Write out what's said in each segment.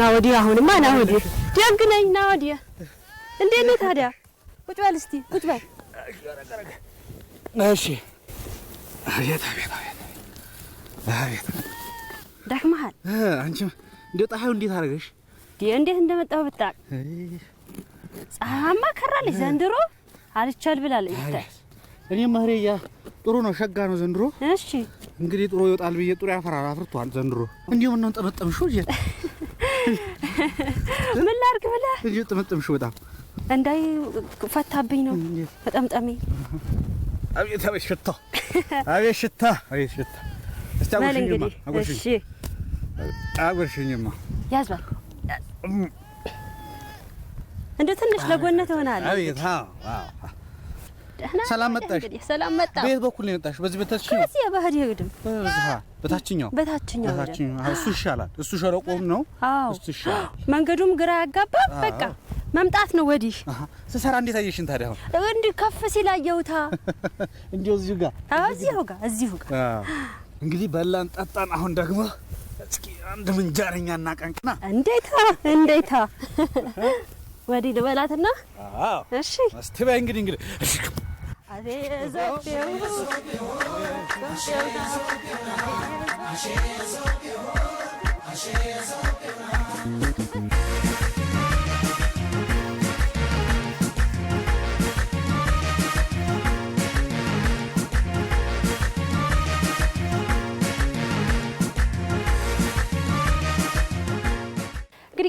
ና ወዲህ፣ አሁንማ ና ወዲህ። ደግ ነኝ። ና ወዲህ። እንዴት ነው ታዲያ? ቁጭ በል እስቲ፣ ቁጭ በል። እሺ። አቤት፣ አቤት፣ አቤት። ደክመሃል። አንቺም እንደ ፀሐዩ እንዴት አደረገሽ? እንዴት እንደመጣሁ ብታውቅ። ፀሐያማ ከራለች ዘንድሮ አልቻል ብላለች። ብታይ እኔ መህሬያ ጥሩ ነው፣ ሸጋ ነው ዘንድሮ። እሺ እንግዲህ ጥሩ ይወጣል ብዬ ጥሩ ያፈራል፣ አፍርቷል ዘንድሮ። እንዲሁ ምነው ጀት ምን ላድርግ ብለህ እየጠመጠምሽ በጣም እንዳይ ፈታብኝ ነው መጠምጠሜ። አቤት አቤት ሽታ አቤት ሽታ አቤት ሽታ። እስቲ አጉርሽኝማ አጉርሽኝማ እንደ ትንሽ ለጎነት ይሆናል። አቤት አዎ አዎ ሰላም መጣሽ። ሰላም መጣ። በየት በኩል ነው የመጣሽ? በዚህ በታችኛው ከዚህ ባህር ይግድም በታችኛው በታችኛው እሱ ይሻላል። እሱ ሸለቆም ነው። እሱ ይሻላል። መንገዱም ግራ ያጋባ። በቃ መምጣት ነው ወዲህ። ስሰራ እንዴት አየሽን ታዲያ? አሁን እንዲህ ከፍ ሲል አየሁታ። እንዲሁ እዚሁ ጋር እዚሁ ጋር እዚሁ ጋር እንግዲህ በላን ጠጣን። አሁን ደግሞ እስኪ አንድ ምንጃረኛ እናቀንቅና። እንዴታ እንዴታ ወዲህ ልበላትና። እሺ እስቲ በይ እንግዲህ እንግዲህ አቤ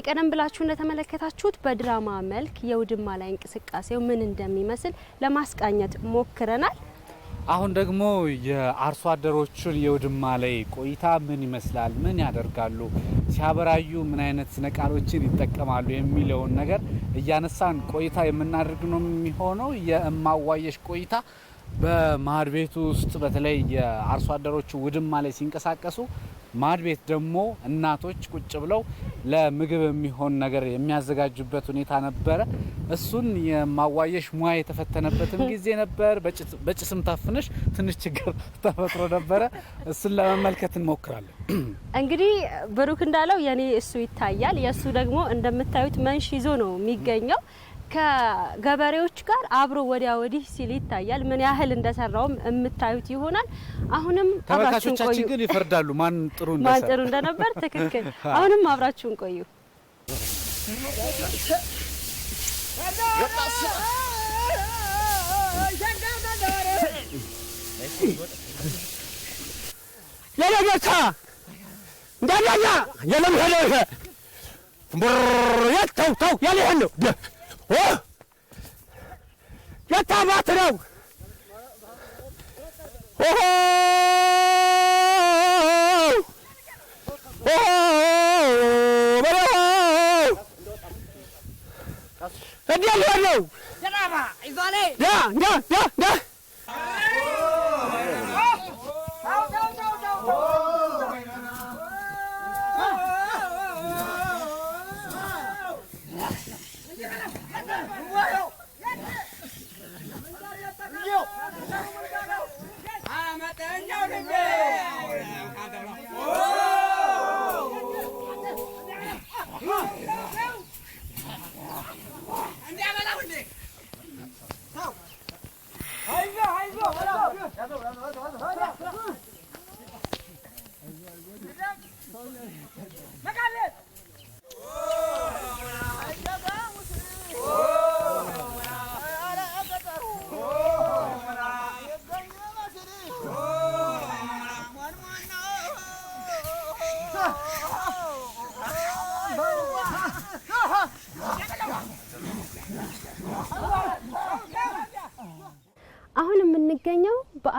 እንግዲህ ቀደም ብላችሁ እንደተመለከታችሁት በድራማ መልክ የውድማ ላይ እንቅስቃሴው ምን እንደሚመስል ለማስቃኘት ሞክረናል። አሁን ደግሞ የአርሶ አደሮቹን የውድማ ላይ ቆይታ ምን ይመስላል፣ ምን ያደርጋሉ፣ ሲያበራዩ ምን አይነት ስነ ቃሎችን ይጠቀማሉ የሚለውን ነገር እያነሳን ቆይታ የምናደርግ ነው የሚሆነው። የእማዋየሽ ቆይታ በማድ ቤቱ ውስጥ በተለይ የአርሶ አደሮቹ ውድማ ላይ ሲንቀሳቀሱ ማድ ቤት ደግሞ እናቶች ቁጭ ብለው ለምግብ የሚሆን ነገር የሚያዘጋጁበት ሁኔታ ነበረ። እሱን የማዋየሽ ሙያ የተፈተነበትም ጊዜ ነበር። በጭስም ታፍነሽ ትንሽ ችግር ተፈጥሮ ነበረ። እሱን ለመመልከት እንሞክራለን። እንግዲህ ብሩክ እንዳለው የኔ እሱ ይታያል፣ የእሱ ደግሞ እንደምታዩት መንሽ ይዞ ነው የሚገኘው። ከገበሬዎች ጋር አብሮ ወዲያ ወዲህ ሲል ይታያል። ምን ያህል እንደሰራውም የምታዩት ይሆናል። አሁንም ተመልካቾቻችን ግን ይፈርዳሉ ማን ጥሩ ማን ጥሩ እንደነበር። ትክክል። አሁንም አብራችሁን ቆዩ። ለለገታ እንዳላያ የለም ሄለ ተው ተው ያለ መታማት ነው። እንዴት ሊሆን ነው?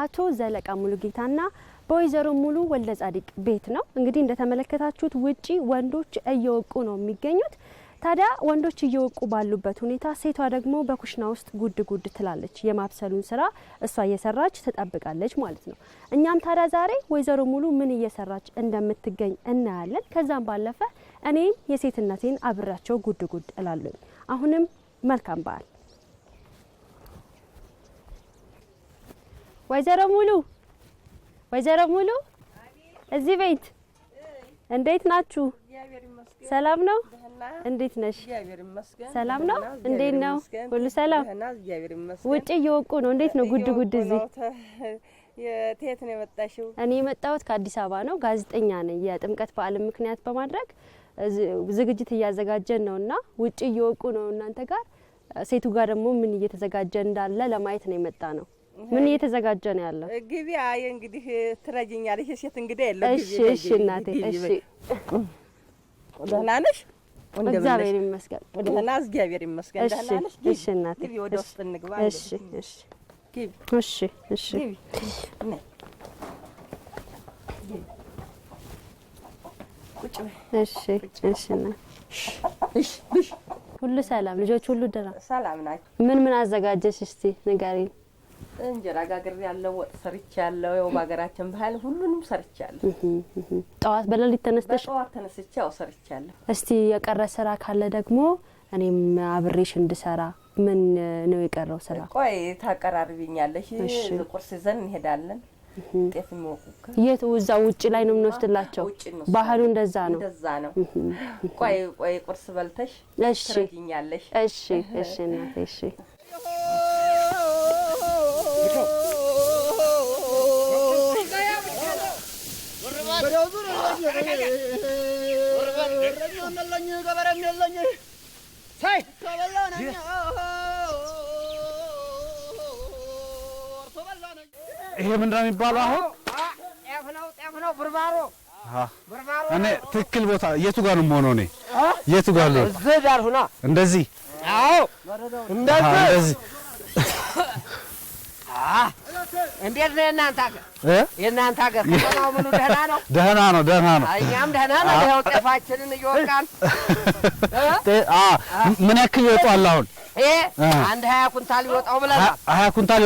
በአቶ ዘለቃ ሙሉ ሙሉጌታና በወይዘሮ ሙሉ ወልደ ጻዲቅ ቤት ነው። እንግዲህ እንደተመለከታችሁት ውጪ ወንዶች እየወቁ ነው የሚገኙት። ታዲያ ወንዶች እየወቁ ባሉበት ሁኔታ ሴቷ ደግሞ በኩሽና ውስጥ ጉድ ጉድ ትላለች። የማብሰሉን ስራ እሷ እየሰራች ትጠብቃለች ማለት ነው። እኛም ታዲያ ዛሬ ወይዘሮ ሙሉ ምን እየሰራች እንደምትገኝ እናያለን። ከዛም ባለፈ እኔም የሴትነቴን አብራቸው ጉድ ጉድ እላለኝ። አሁንም መልካም በዓል ወይዘሮ ሙሉ ወይዘሮ ሙሉ እዚህ ቤት እንዴት ናችሁ? ሰላም ነው? እንዴት ነሽ? ሰላም ነው? እንዴት ነው? ሁሉ ሰላም? ውጭ እየወቁ ነው። እንዴት ነው ጉድ ጉድ? እዚህ የት ነው የመጣሽው? እኔ የመጣሁት ከአዲስ አበባ ነው። ጋዜጠኛ ነኝ። የጥምቀት በዓል ምክንያት በማድረግ ዝግጅት እያዘጋጀን ነውና ውጭ እየወቁ ነው እናንተ ጋር ሴቱ ጋር ደግሞ ምን እየተዘጋጀ እንዳለ ለማየት ነው የመጣ ነው። ምን እየተዘጋጀ ነው ያለው? ግቢ። አይ እንግዲህ ትረጂኛለሽ፣ ሴት እንግዲህ የለው። እሺ፣ እሺ እናቴ። እሺ፣ ደህና ነሽ? እግዚአብሔር ይመስገን። ደህና፣ እግዚአብሔር ይመስገን። ደህና ነሽ? እሺ እናቴ። ግቢ፣ ወደ ውስጥ እንግባ። እሺ፣ እሺ፣ ግቢ። እሺ፣ እሺ፣ እሺ እናቴ። ግቢ። እሺ፣ ሁሉ ሰላም? ልጆች ሁሉ ደህና? ሰላም ናቸው። ምን ምን አዘጋጀሽ? እስቲ ንገሪኝ። እንጀራ ጋግሬ ያለው ወጥ ሰርች ያለው ያው በሀገራችን ባህል ሁሉንም ሰርች ያለሁ። ጠዋት በሌሊት ተነስተሽ? ጠዋት ተነስቼ ያው ሰርች ያለሁ። እስቲ የቀረ ስራ ካለ ደግሞ እኔም አብሬሽ እንድሰራ። ምን ነው የቀረው ስራ? ቆይ ታቀራርቢኛለሽ። ቁርስ ይዘን እንሄዳለን። ጤፍ የሚወቁከ የት? እዛ ውጭ ላይ ነው የምንወስድላቸው። ባህሉ እንደዛ ነው፣ እንደዛ ነው። ቆይ ቆይ ቁርስ በልተሽ ትረጂኛለሽ። እሺ፣ እሺ፣ እሺ፣ እናቴ እሺ ይሄ ምንድን ነው የሚባለው? አሁን እኔ ትክክል ቦታ የቱ ጋር ነው የምሆነው? እኔ የቱ ጋር ነው? እዚህ ዳር ሁና እንደዚህ። አዎ እንደዚህ እንዴት ነው የእናንተ ሀገር? የእናንተ ሀገር ከተማው ምኑ ደህና ነው? ደህና ነው፣ ደህና ነው። እኛም ደህና ነው። ይኸው ጤፋችንን እየወቃን ምን ያክል ይወጣል አሁን? አንድ ሀያ ኩንታል ይወጣው ብለናል። ሀያ ኩንታል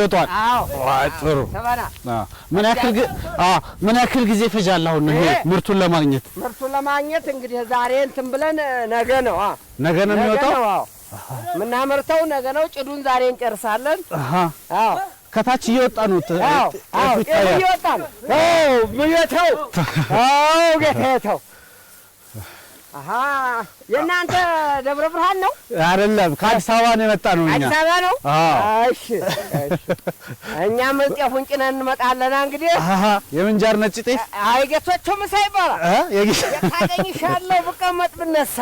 ጥሩ። ምን ያክል ምን ያክል ጊዜ ይፈጃል አሁን ይሄ ምርቱን ለማግኘት? ምርቱን ለማግኘት እንግዲህ ዛሬ እንትን ብለን ነገ ነው ነገ ነው የሚወጣው የምናመርተው ነገ ነው። ጭዱን ዛሬ እንጨርሳለን። አዎ ከታች እየወጣ ነው። አዎ አዎ፣ እየወጣ ነው። አዎ ጌታ ተው የእናንተ ደብረ ብርሃን ነው አይደለም? ከአዲስ አበባ ነው የመጣ ነው። አዲስ አበባ ነው። እሺ፣ እኛም ጤፉን ጭነን እንመጣለና እንግዲህ የምንጃር ነጭ ጤፍ አይጌቶቹ ምሳ ይባላል። ታገኝሻለሁ ብቀመጥ ብነሳ።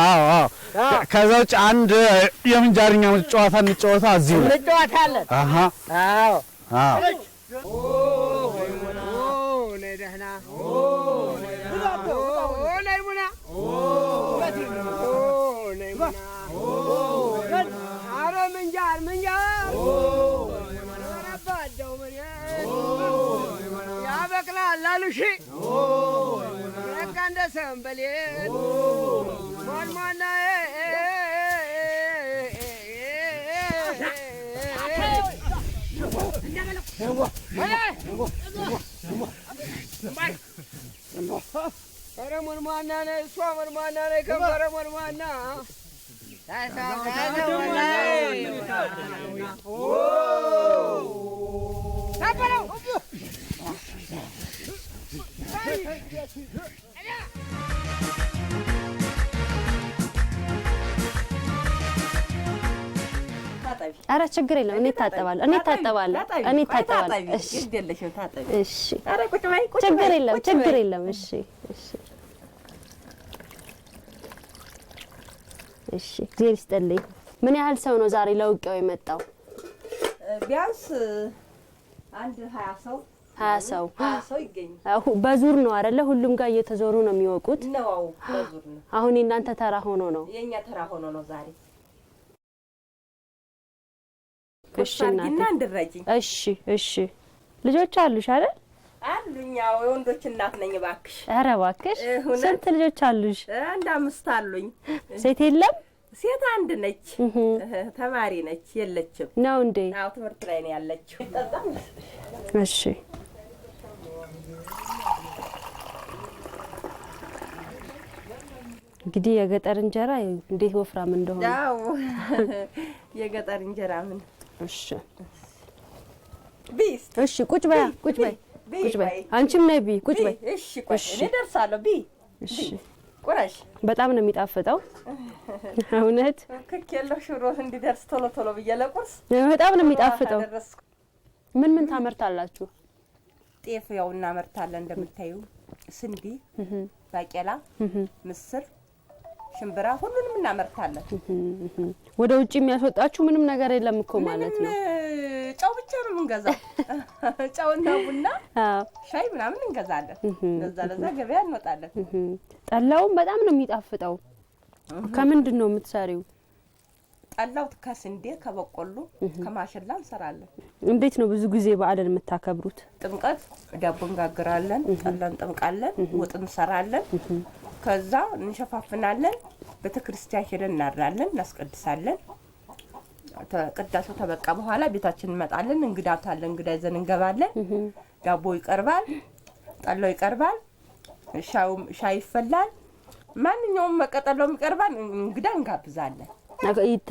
አዎ፣ ከዛ ውጭ አንድ የምንጃርኛ ጨዋታ እንጨዋታ እዚሁ አዎ አዎ አላሉሽ ረጋ እንደ ሰንበሌ ሟልሟና ኧረ ሟልሟና ነይ እሷ ሟልሟና ነይ ከበረ ሟልሟና ተሳሳተ ወላሂ አረ ችግር የለም። እኔ ታጠባለሁ፣ እኔ ታጠባለሁ፣ እኔ ታጠባለሁ። እሺ፣ ችግር የለም፣ ችግር የለም። እሺ፣ እሺ፣ እሺ። እግዚአብሔር ይስጥልኝ። ምን ያህል ሰው ነው ዛሬ ለውቂያው የመጣው? ቢያንስ አንድ ሀያ ሰው ሀያ ሰው በዙር ነው አይደለ? ሁሉም ጋር እየተዞሩ ነው የሚወቁት። አሁን የእናንተ ተራ ሆኖ ነው የእኛ ተራ ሆኖ ነው ዛሬ። እሺ እሺ እሺ። ልጆች አሉሽ አይደል? አሉኝ። የወንዶች እናት ነኝ። እባክሽ፣ ኧረ እባክሽ። ስንት ልጆች አሉሽ? አንድ አምስት አሉኝ። ሴት የለም? ሴት አንድ ነች፣ ተማሪ ነች። የለችም ነው እንዴ? አዎ፣ ትምህርት ላይ ነው ያለችው። እሺ እንግዲህ የገጠር እንጀራ እንዴት ወፍራም እንደሆነ ያው የገጠር እንጀራ ምን እሺ ቢስ እሺ ቁጭ በይ ቁጭ በይ ቁጭ በይ አንቺም ነይ ቢ ቁጭ በይ እሺ ቁጭ እኔ ደርሳለሁ ቢ እሺ ቁረሽ በጣም ነው የሚጣፍጠው እውነት ክክ የለው ሽሮ እንዲደርስ ቶሎ ቶሎ ብዬ ለቁርስ በጣም ነው የሚጣፍጠው ምን ምን ታመርታላችሁ ጤፍ ያው እናመርታለን እንደምታዩ ስንዴ ባቄላ ምስር ሽምብራ ሁሉንም እናመርታለን። ወደ ውጭ የሚያስወጣችሁ ምንም ነገር የለም እኮ ማለት ነው። ጨው ብቻ ነው የምንገዛው። ጨውና ቡና፣ ሻይ ምናምን እንገዛለን። ለዛ ለዛ ገበያ እንወጣለን። ጠላውም በጣም ነው የሚጣፍጠው። ከምንድን ነው የምትሰሪው? ጠላው ከስንዴ፣ ከበቆሎ፣ ከማሽላ እንሰራለን። እንዴት ነው ብዙ ጊዜ በዓልን የምታከብሩት? ጥምቀት ዳቦ እንጋግራለን፣ ጠላ እንጠምቃለን፣ ወጥ እንሰራለን። ከዛ እንሸፋፍናለን። ቤተ ክርስቲያን ሄደን እናድራለን፣ እናስቀድሳለን። ቅዳሴው ተበቃ በኋላ ቤታችን እንመጣለን። እንግዳ ብታለ እንግዳ ይዘን እንገባለን። ዳቦ ይቀርባል፣ ጠላው ይቀርባል፣ ሻይ ይፈላል። ማንኛውም መቀጠላውም ይቀርባል። እንግዳ እንጋብዛለን።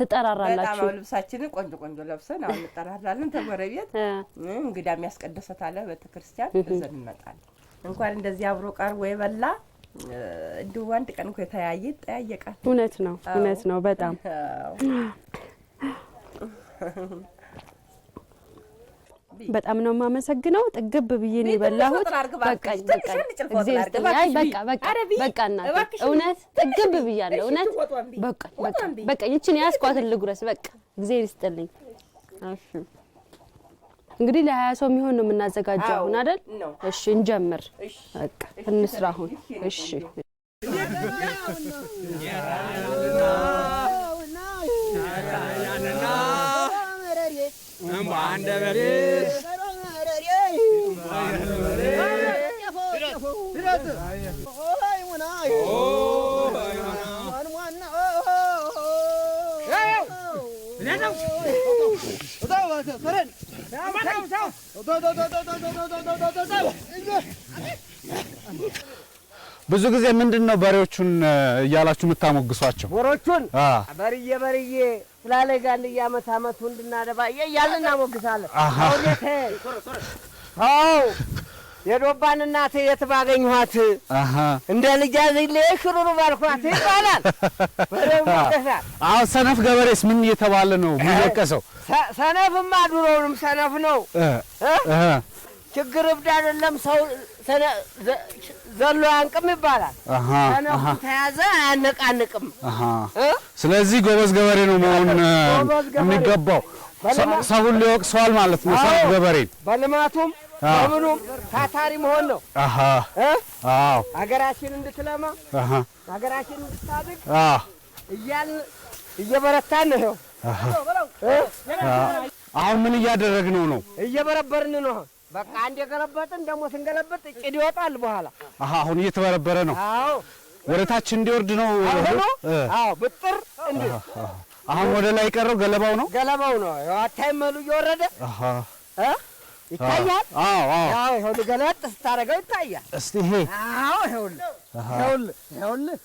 ትጠራራላችሁ። ልብሳችንን ቆንጆ ቆንጆ ለብሰን አሁን እንጠራራለን። ተጎረቤት እንግዳ የሚያስቀደሰት አለ ቤተክርስቲያን እንመጣለን። እንኳን እንደዚህ አብሮ ቀርቦ የበላ እንዲሁ አንድ ቀን እኮ የተያየ ይጠያየቃል። እውነት ነው፣ እውነት ነው። በጣም በጣም ነው የማመሰግነው። ጥግብ ብዬ ነው የበላሁት። በቃ በቃ በቃ እናት እውነት ጥግብ ብያለሁ። እውነት በቃ በቃ በቃ ይችን ያስኳትን ልጉረስ። በቃ እግዜር ይስጥልኝ። እሺ እንግዲህ ለሀያ ሰው የሚሆን ነው የምናዘጋጀው። አሁን አይደል? እሺ እንጀምር፣ በቃ እንስራ አሁን። እሺ ብዙ ጊዜ ምንድን ነው በሬዎቹን እያላችሁ የምታሞግሷቸው? ወሮቹን በርዬ በርዬ ስላለይ ጋር እያመት አመቱ እንድናደባ እያልን እናሞግሳለን። አዎ የዶባን እናት የት ባገኘኋት እንደ ልጃ ዝሌ ሽሩሩ ባልኳት ይባላል። አሁን ሰነፍ ገበሬስ ምን እየተባለ ነው የሚወቀሰው? ሰነፍማ ድሮውንም ሰነፍ ነው። ችግር እብድ አይደለም ሰው ዘሎ አያንቅም ይባላል። ሰነፍ ተያዘ አያነቃንቅም። ስለዚህ ጎበዝ ገበሬ ነው መሆን የሚገባው። ሰውን ሊወቅሰዋል ማለት ነው። ሰነፍ ገበሬ በልማቱም በምኑም ታታሪ መሆን ነው። ሀገራችን እንድትለማ ሀገራችን እንድታድግ እያል እየበረታን ነው። አሁን ምን እያደረግነው ነው? እየበረበርን ነው። በቃ አንድ የገለበጥን ደግሞ ስንገለበጥ ጭድ ይወጣል በኋላ። አሁን እየተበረበረ ነው። አዎ፣ ወደ ታች እንዲወርድ ነው። አዎ፣ ብጥር እንዲ አሁን ወደ ላይ ቀረው ገለባው ነው። ገለባው ነው። አታይም? እህሉ እየወረደ ይታያል። አዎ፣ አዎ፣ ይሁን ገለጥ ስታደርገው ይታያል። እስቲ ይሄ አዎ፣ ይኸውልህ፣ ይኸውልህ፣ ይሁን ይሁን ይሁን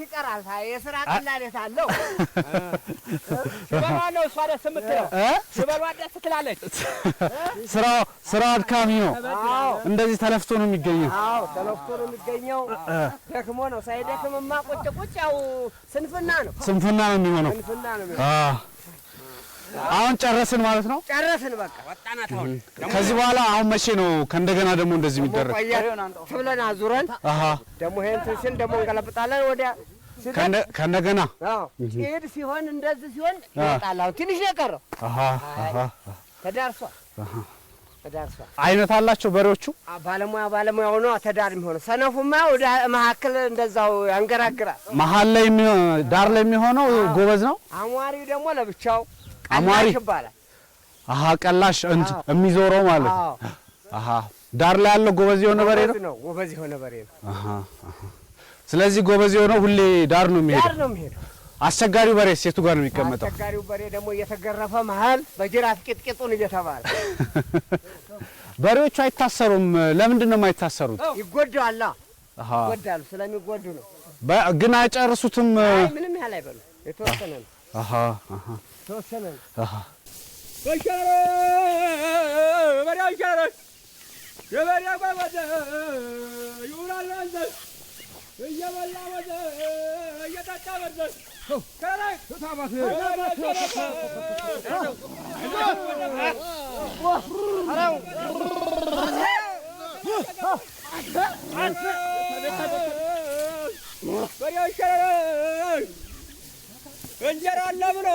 ይቀራል አለው። ትላለች። ስራው አድካሚ ነው። እንደዚህ ተለፍቶ ነው የሚገኘው። አዎ ተለፍቶ ነው የሚገኘው። ደክሞ ነው። ሳይደክምማ ቁጭ ቁጭ ያው ስንፍና ነው። ስንፍና ነው የሚሆነው። አሁን ጨረስን ማለት ነው። ጨረስን በቃ ወጣናት። አሁን ከዚህ በኋላ አሁን መቼ ነው ከእንደገና ደግሞ እንደዚህ የሚደረግ? ትብለን አዙረን ደግሞ ይሄን ትንሽን ደግሞ እንገለብጣለን ወዲያ ከእንደገና ጭድ ሲሆን እንደዚህ ሲሆን ይወጣል። አሁን ትንሽ ነው የቀረው። ተዳርሷል ተዳርሷል። አይነት አላቸው በሬዎቹ። ባለሙያ ባለሙያ ሆኖ ተዳር የሚሆነው ሰነፉማ ወደ መካከል እንደዛው ያንገራግራል። መሀል ላይ ዳር ላይ የሚሆነው ጎበዝ ነው። አሟሪው ደግሞ ለብቻው አሟሪ አሀ ቀላሽ እንት የሚዞረው ማለት ነው። አሃ ዳር ላይ ያለው ጎበዝ የሆነ በሬ ነው። ጎበዝ የሆነ በሬ ነው። አሀ ስለዚህ ጎበዝ የሆነው ሁሌ ዳር ነው የሚሄደው። ዳር ነው የሚሄደው። አስቸጋሪው በሬ ሴቱ ጋር ነው የሚቀመጠው። አስቸጋሪው በሬ ደግሞ እየተገረፈ መሀል በጅራፍ ቂጥቂጡን እየተባለ በሬዎቹ አይታሰሩም። ለምንድን ነው የማይታሰሩት? ይጎዳሉ። አሃ ይጎዳሉ። ስለሚጎዱ ነው። ግን አይጨርሱትም። ምንም ያህል አይበሉ የተወሰነ ነው Aha, aha. Dur sen Aha. Koş kenara! Ömer yan kenara! Ömer yan bakmadı! Yuvarlandı! Yuvarlandı! Yatak tavardı! Kenara! Tutam atı! Ömer yan kenara! Anam! Ömer yan kenara! እንጀራ አለ ብሎ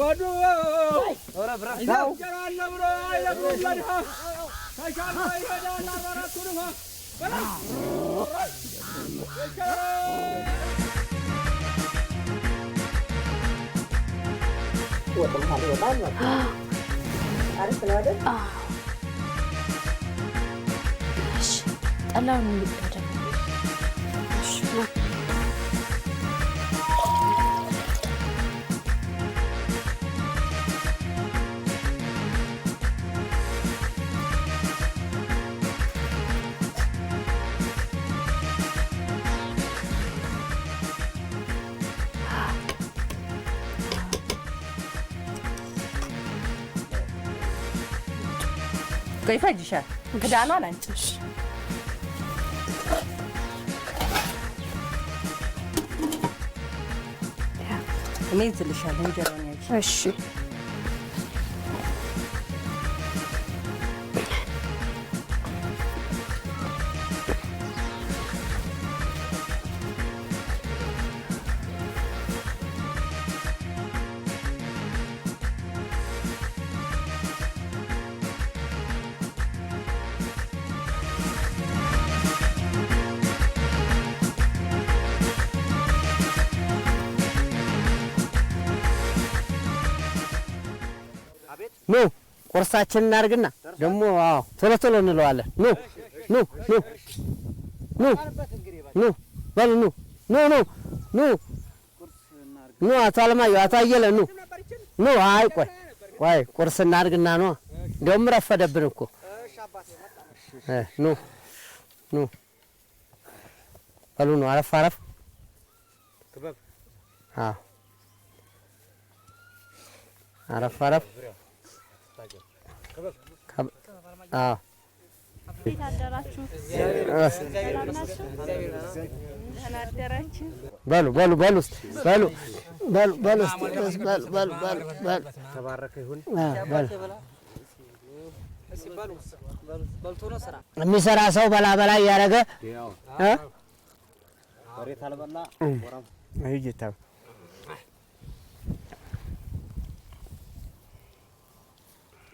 ወዱ ጠላውን ይፈጅሻል። ክዳኗን አንጭሽ እኔ እዝልሻለሁ እንጀራውን እሺ ኑ ቁርሳችን እናርግና ደግሞ አዎ ቶሎ ቶሎ እንለዋለን። ኑ ኑ ኑ ኑ ኑ በሉ ኑ ኑ ኑ ኑ ኑ አቶ አለማየሁ አቶ አየለ ኑ ኑ። አይ ቆይ ቆይ ቁርስ እናርግና ነው እንደውም ረፈደብን እኮ ኑ ኑ በሉ ኑ። አረፍ አረፍ አረፍ አረፍ በሉ በሉ በሉ በሉ በሉ በሉ በሉ በሉ በሉ በሉ ተባረከ ይሁን በሉ የሚሰራ ሰው በላ በላ እያደረገ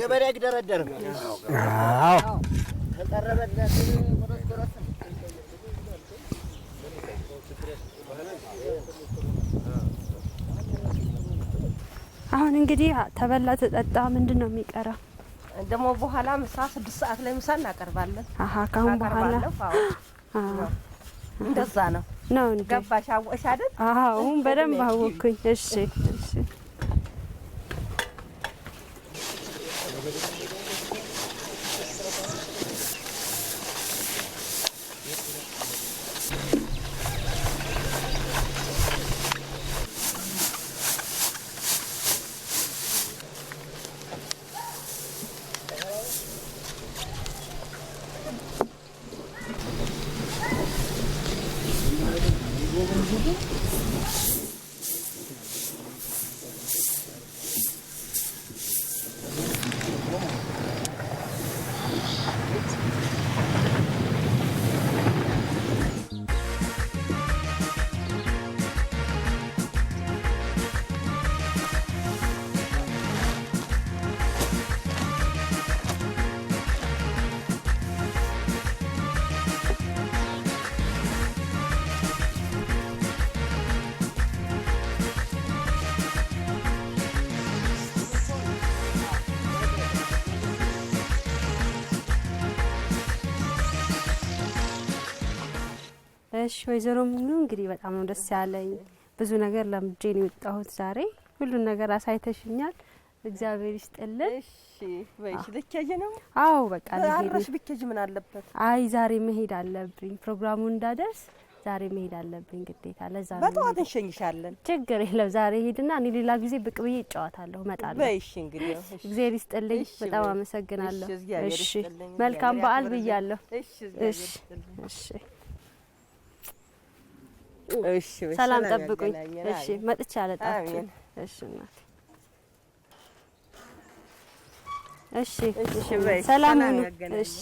ገበሬ አሁን እንግዲህ ተበላ ተጠጣ፣ ምንድን ነው የሚቀረው? ደግሞ በኋላ ምሳ ስድስት ሰዓት ላይ ምሳ እናቀርባለን። አሀ ካሁን በኋላ እንደዛ ነው ነው ገባሽ? አወቅሽ አይደል? አሁን በደንብ አወቅኩኝ። እሺ እሺ ነሽ ወይዘሮ ሙሉ እንግዲህ በጣም ነው ደስ ያለኝ። ብዙ ነገር ለምጄ ነው የወጣሁት ዛሬ። ሁሉን ነገር አሳይተሽኛል። እግዚአብሔር ይስጥልን። እሺ ወይሽ ልትሄጂ ነው? አዎ በቃ አረሽ ብትሄጂ ምን አለበት? አይ ዛሬ መሄድ አለብኝ ፕሮግራሙ እንዳደርስ ዛሬ መሄድ አለብኝ ግዴታ። ለዛ ነው በጠዋት እንሸኝሻለን። ችግር የለም ዛሬ ሄድና እኔ ሌላ ጊዜ ብቅ ብዬ እጫወታለሁ፣ እመጣለሁ። በይሽ እንግዲህ እግዚአብሔር ይስጥልኝ። በጣም አመሰግናለሁ። እሺ መልካም በዓል ብያለሁ። እሺ እሺ ሰላም ጠብቁኝ። እሺ፣ መጥቼ አለጣችሁ። እሺ፣ እሺ፣ ሰላም ሁኑ። እሺ